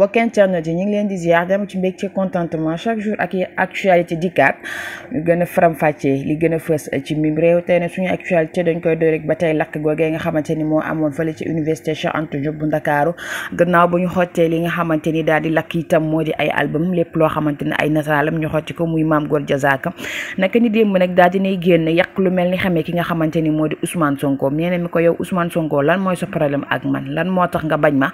mbokk internet yi ñu ngi leen di ziar dama ci mbég ci contentement chaque jour ak actualité di ñu gën a fàccee li gën a ci mim réew tey nag suñu actualité dañ koy door rek ba tey lakk googee nga xamante ni moo amoon fële ci université Cheikh Anta Diop bu Ndakaaru gannaaw bu ñu xottee li nga xamante ni daal di lakk itam moo di ay album lépp loo xamante ni ay nataalam ñu xotti ko muy Maam Góor Jazaaka naka ni démb nag daal dinay génn yàq lu mel ni xamee ki nga xamante ni moo di Ousmane Sonko ñeneen mi ko yow Ousmane Sonko lan mooy sa problème ak man lan moo tax nga bañ ma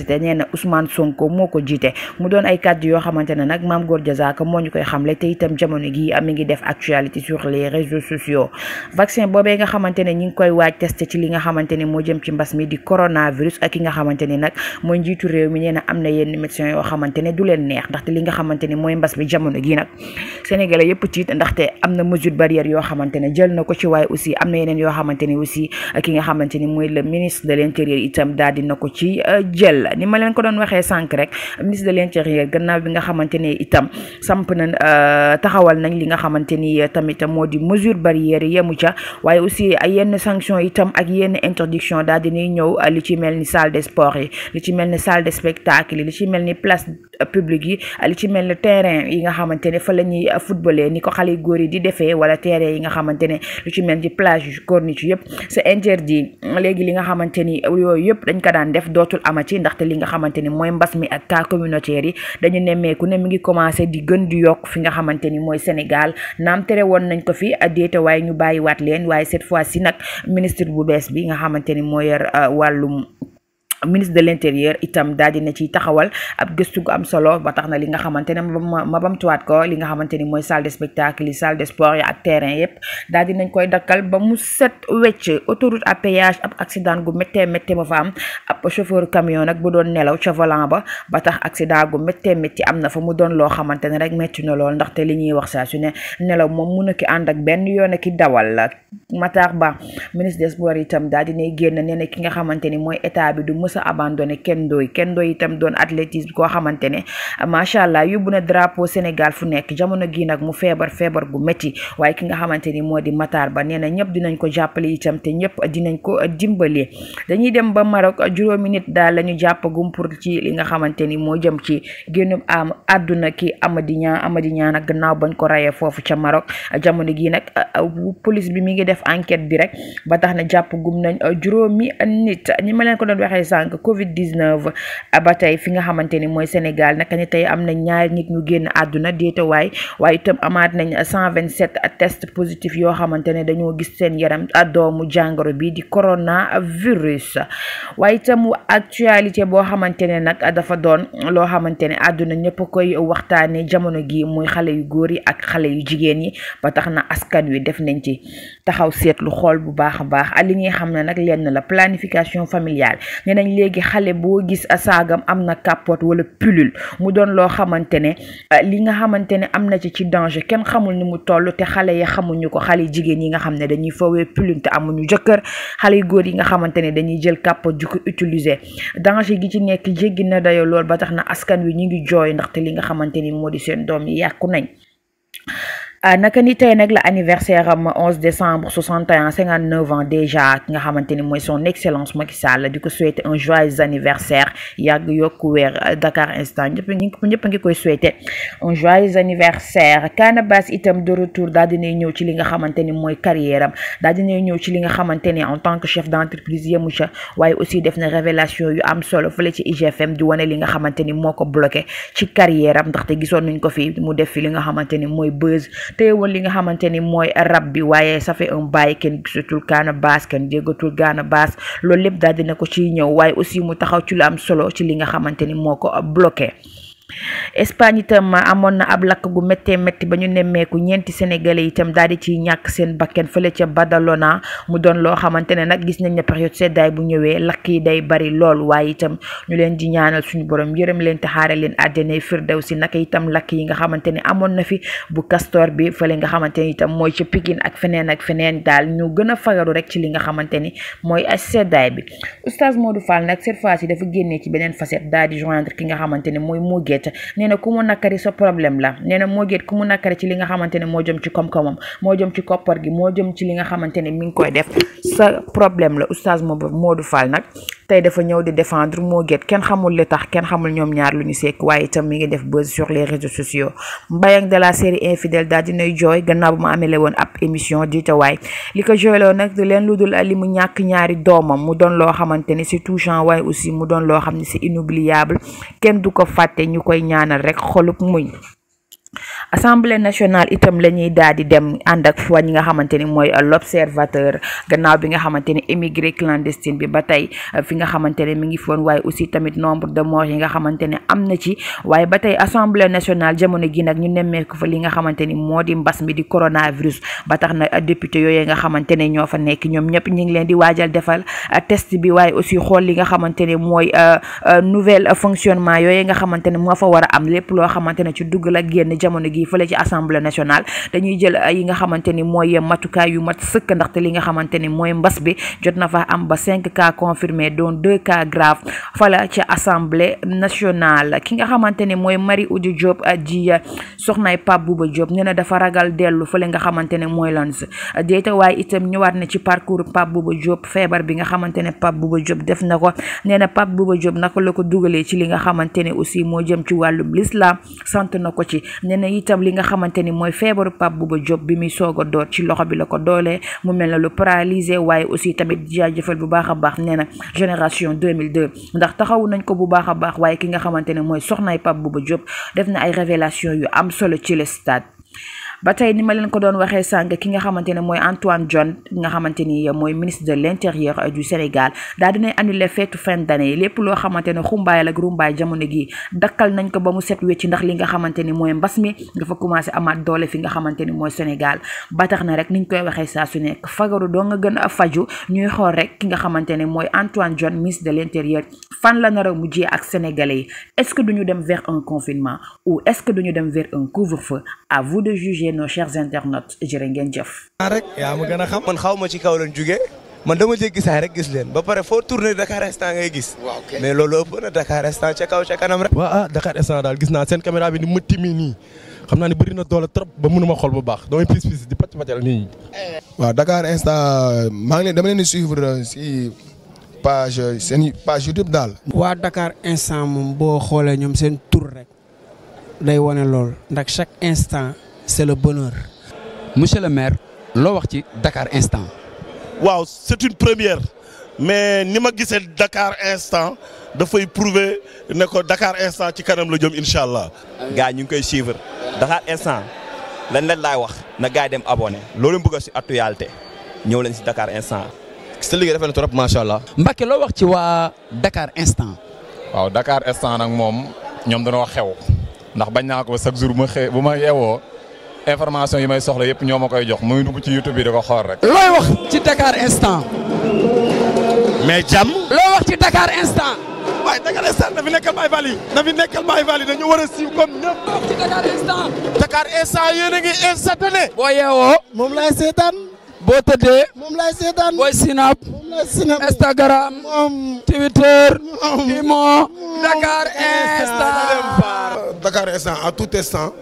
université nee na Ousmane Sonko moo ko jiite mu doon ay kàddu yoo xamante ne nag Mame Gor Diazaka moo ñu koy xamle te itam jamono gi mi ngi def actualité sur les réseaux sociaux vaccin boobee nga xamante ne ñi ngi koy waaj testé ci li nga xamante ne moo jëm ci mbas mi di coronavirus ak ki nga mooy njiitu réew mi nee na am na yenn médecins yoo xamante ne du leen neex ndaxte li nga xamante ne mooy mbas mi jamono gi nag Sénégalais yëpp tiit ndaxte am na mesure barrière yoo xamante ne jël na ko ci waaye aussi am na yeneen yoo xamante ne aussi ki nga xamante ne mooy le ministre de l'intérieur itam daal dina mel ni ma leen ko doon waxee sànq rek ministre de l'intérieur gannaaw bi nga xamante ne itam samp na euh, taxawal nañ li nga xamante ni tamit moo di mesure barrière yemu ca waaye aussi yenn sanction itam ak yenn interdiction daal nuy ñëw li ci mel ni salle de sport yi li ci mel ni salle de spectacle yi li ci mel ni place euh, publique yi li ci mel ni terrain yi nga xamante ne fa la ñuy euh, footballer ni ko xale góor yi di defee wala terrain yi nga xamante ne lu ci mel ni plage yëpp c'est interdit li nga xamante ni yooyu yëpp dañ ko daan def ndaxte li nga xamante ni mooy mbas mi ak cas communautaire yi dañu nemmeeku ne mi ngi commencé di gën di yokk fi nga xamante ni mooy Sénégal naam tere woon nañ ko fi déete waaye ñu bàyyiwaat leen waaye cette fois si nag ministre bu bees bi nga xamante ni moo yor euh, wàllum ministre de l'intérieur itam daal dina ciy taxawal ab gëstu gu am solo ba tax na li nga xamante ne ma bamtuwaat ko li nga xamante ni mooy salle de spectacle yi salle de sport yi ak terrain yëpp daal dinañ koy dakkal ba mu set wecc autoroute à péage ab accident gu méttee méttee ma fa am ab chauffeur camion nag bu doon nelaw ca volant ba ba tax accident gu méttee métti am na fa mu doon loo xamante ne rek métti na lool ndaxte li ñuy wax saa su ne nelaw moom mun a ki ànd ak benn yoon a ki dawal Matar Ba mës a abandonné Ken Ndoye Ken Ndoye itam doon athlétisme koo xamante ne macha allah yóbbu na drapeau Sénégal fu nekk jamono gi nag mu feebar feebar gu métti waaye ki nga xamante ni moo di Matar Ba nee na ñëpp dinañ ko jàppale itam te ñëpp dinañ ko dimbale dañuy dem ba Maroc juróomi nit daal la ñu jàppagum pour ci li nga xamante ni moo jëm ci génn am àdduna ki Amady Niang Amady Niang nag gannaaw bañ ko reyee foofu ca Maroc jamono gi nag euh, police bi mu ngi def enquête bi rek langue Covid 19 ah, ba tey fi nga xamante ni mooy Sénégal naka ni tey am na ñaari nit ñu génn àdduna déete waay waaye itam amaat nañ 127 test positif yoo xamante ne dañoo gis seen yaram ah, doomu jàngoro bi di coronavirus waaye itam actualité boo xamante ne nag dafa doon loo xamante ne àdduna ñëpp koy waxtaane jamono gi muy xale yu góor yi ak xale yu jigéen yi ba tax na askan wi def nañ ci taxaw seetlu xool bu baax a baax ah, li ñuy xam ne nag lenn la planification familiale léegi xale boo gis saagam am na capote wala pilule mu doon loo xamante ne euh, li nga xamante ne am na ci ci danger kenn xamul ni mu toll te xale yi xamuñu ko xale jigéen yi nga xam ne dañuy fowee pilule te amuñu jëkkër xale góor yi nga xamante ne dañuy jël capote ju ko utiliser danger gi ci nekk jéggi na day lool ba tax na askan wi ñu ngi jooy ndaxte li nga xamante ni moo di seen doom yi yàqu nañ Euh, naka ni tey nag la anniversaire am 11 décembre 61 59 ans déjà ki nga xamante ni mooy son excellence Macky Sall di ko souhaité un joyeux anniversaire yàgg yokku weer euh, Dakar instant ñëpp ngi ñëpp ngi koy souhaité un joyeux anniversaire Canabasse itam de retour daal dinay ñëw ci li nga xamante ni mooy carrière am daal dinay ñëw ci li nga xamante ni en tant que chef d'entreprise yemu ca waaye aussi def na révélation yu am solo fële ci IGFM di wane li nga xamante ni moo ko bloqué ci carrière am ndaxte gisoon nañ ko fi mu def fi li nga xamante ni mooy buzz téewal li nga xamante ni mooy rab bi waaye ça fait bàyyi kenn gisatul kaana baas kenn déggatul gaana baas loolu lépp daal dina ko ciy ñëw waaye aussi mu taxaw ci lu am solo ci li nga xamante ni moo ko bloqué Espagne itam amoon na ab lakk gu méttee métti ba ñu nemmeeku ñeenti yi itam daal di ciy ñàkk seen bakken fële ca Badalona mu doon loo xamante ne nag gis nañ ne période seddaay bu ñëwee lakk yi day bari lool waaye itam ñu leen di ñaanal suñu borom yërëm leen te xaare leen firdew si naka itam lakk yi nga xamante ne amoon na fi bu Castor bi fële nga xamante ne itam mooy ca Pikine ak feneen ak feneen daal ñu gën a fagaru rek ci li nga xamante ni mooy ay seddaay bi oustaz Modou Fall nag cette fois ci ci beneen facette daal di joindre ki nga xamante ne mooy Moguette Mogate nee na ku mu nakari sa problème la nee moo Mogate ku mu nakari ci li nga xamante ne moo jëm ci koom-koomam moo jëm ci koppar gi moo jëm ci li nga xamante ne mi ngi koy def sa problème la moo Modou Fall nag tey dafa ñëw di defendre moo gét kenn xamul li tax kenn xamul ñoom ñaar lu ñu sekk waaye itam mi ngi def buzz sur les réseaux sociaux Mbayang de la série infidèle daal dinay jooy gannaaw bu ma amele woon ab émission di tawaay li ko jooyloo nag leen lu dul li mu ñàkk ñaari doomam mu doon loo xamante ni c'est touchant waaye aussi mu doon loo xam ne c'est inoubliable kenn du ko fàtte ñu koy ñaanal rek xolub muñ assemblée nationale itam la ñuy daal di dem ànd ak fa ñi nga xamante ni mooy l'observateur gannaaw bi nga xamante ni émigré clandestine bi ba tey fi nga xamante ne mi ngi foon waaye aussi tamit nombre de morts yi nga xamante ne am na ci waaye ba tey assemblée nationale jamono gi nag ñu nemmeeku fa li nga xamante ni moo di mbas mi di coronavirus ba tax na député yooyu nga xamante ne ñoo fa nekk ñoom ñëpp ñu ngi leen di waajal defal uh, test bi waaye aussi xool li nga xamante ne mooy uh, uh, nouvelle fonctionnement yooyu nga xamante ne moo fa war a am lépp loo xamante ne ci dugg la génn jamono gi fële ci assemblée nationale dañuy jël euh, yi nga xamante ni mooy matukaay yu mat sëkk ndaxte li nga xamante ni mooy mbas bi jot na fa am ba cinq cas confirmés dont deux cas graves fala ci assemblée nationale ki nga xamante ni mooy Marie Oudou Diop euh, di euh, soxnaay Pape Bouba Diop nee na dafa ragal dellu fële nga xamante ne mooy lans déeta waaye itam ñëwaat na ci parcours Pape Bouba Diop feebar bi nga xamante ne Pape Bouba Diop def na ko nee na Pape Bouba Diop naka la ko dugalee ci li nga xamante ne aussi moo jëm ci wàllum l'islam ne na itam li nga xamante ni mooy feebaru bu ba Diop bi muy soog a door ci loxo bi la ko doolee mu mel na lu paralysé waaye aussi tamit jaajëfal bu baax a baax nee na génération 2002 ndax taxawu nañ ko bu baax a baax waaye ki nga xamante ne mooy soxnaay bu ba job def na ay révélation yu am solo ci le stade ba tey ni ma leen ko doon waxee sàng ki nga xamante ne mooy Antoine Diome ki nga xamante ni mooy ministre de l'intérieur euh, du Sénégal daa dinay annulé feetu fin d'année lépp loo xamante ne xumbaay la ak rumbaay jamono gi dakkal nañ ko ba mu set wecc ndax li nga xamante ni mooy mbas mi dafa commencé amaat doole fi nga xamante ni mooy Sénégal ba tax na ni ñu koy waxee saa su nekk fagaru doo nga gën a faju ñuy xool rek ki nga xamante ne mooy Antoine Diome ministre de l'intérieur fan la nar a mujjee ak sénégalais est-ce que duñu dem vers un confinement ou est-ce que duñu dem vers un couvre-feu à vous de juger nos chers internautes jërë ngeen jëf. rek ya ma gëna xam man xawma ci kaw lañ jugee man dama jéggi saa rek gis leen ba paré fo tourné Dakar instant ngay gis. mais loolu bëna Dakar instant ci kaw ca kanam rek. waaw ah Dakar instant dal gis na sen caméra bi ni mu mi ni xam na ni bëri na doole trop ba mënuma xol bu baax damay pis pis di pàcc pàccal nit ñi. waaw Dakar instant maa ngi leen dama leen di suivre si page seen page YouTube dal. wa Dakar instant moom bo xolé ñom sen tour rek day woné lool ndax chaque instant c'est le bonheur. monsieur le maire lo wax ci Dakar instant. waaw c'est une première mais ni ma gisee Dakar instant fay prouver né ko Dakar instant ci kanam la jom inshallah. allah. ñu ngi koy suivre Dakar instant lan lañ lay wax na gaay dem abonné loolu bëgg si actualité ñew leen ci Dakar instant. sa liggéey rafet na trop macha allah. Mbacke loo wax ci waa Dakar instant. waaw Dakar instant nag moom ñoom dañoo xew ndax bañ na ko chaque ma xee bu yi may soxla yëpp ñoo ma jox muy dugg ci YouTube bi instant. mais jàmm. loo wax ci Dakar instant. waaye Dakar instant na fi nekkal Baye Fall yi war a siiw comme ñëpp. loo ci Dakar instant. Dakar instant yéen a ngi boo yeewoo moom laay seetaan. boo tëddee. Instagram. Twitter. Imo. Dakar instant. Dakar instant à tout instant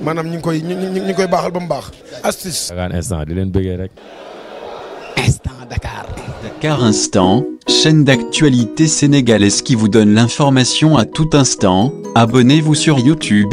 madame Nikoi, Nikoi koy ñu astuce. Dakar instant di Instant Dakar. Dakar Instant, chaîne d'actualité sénégalaise qui vous donne l'information à tout instant. Abonnez-vous sur YouTube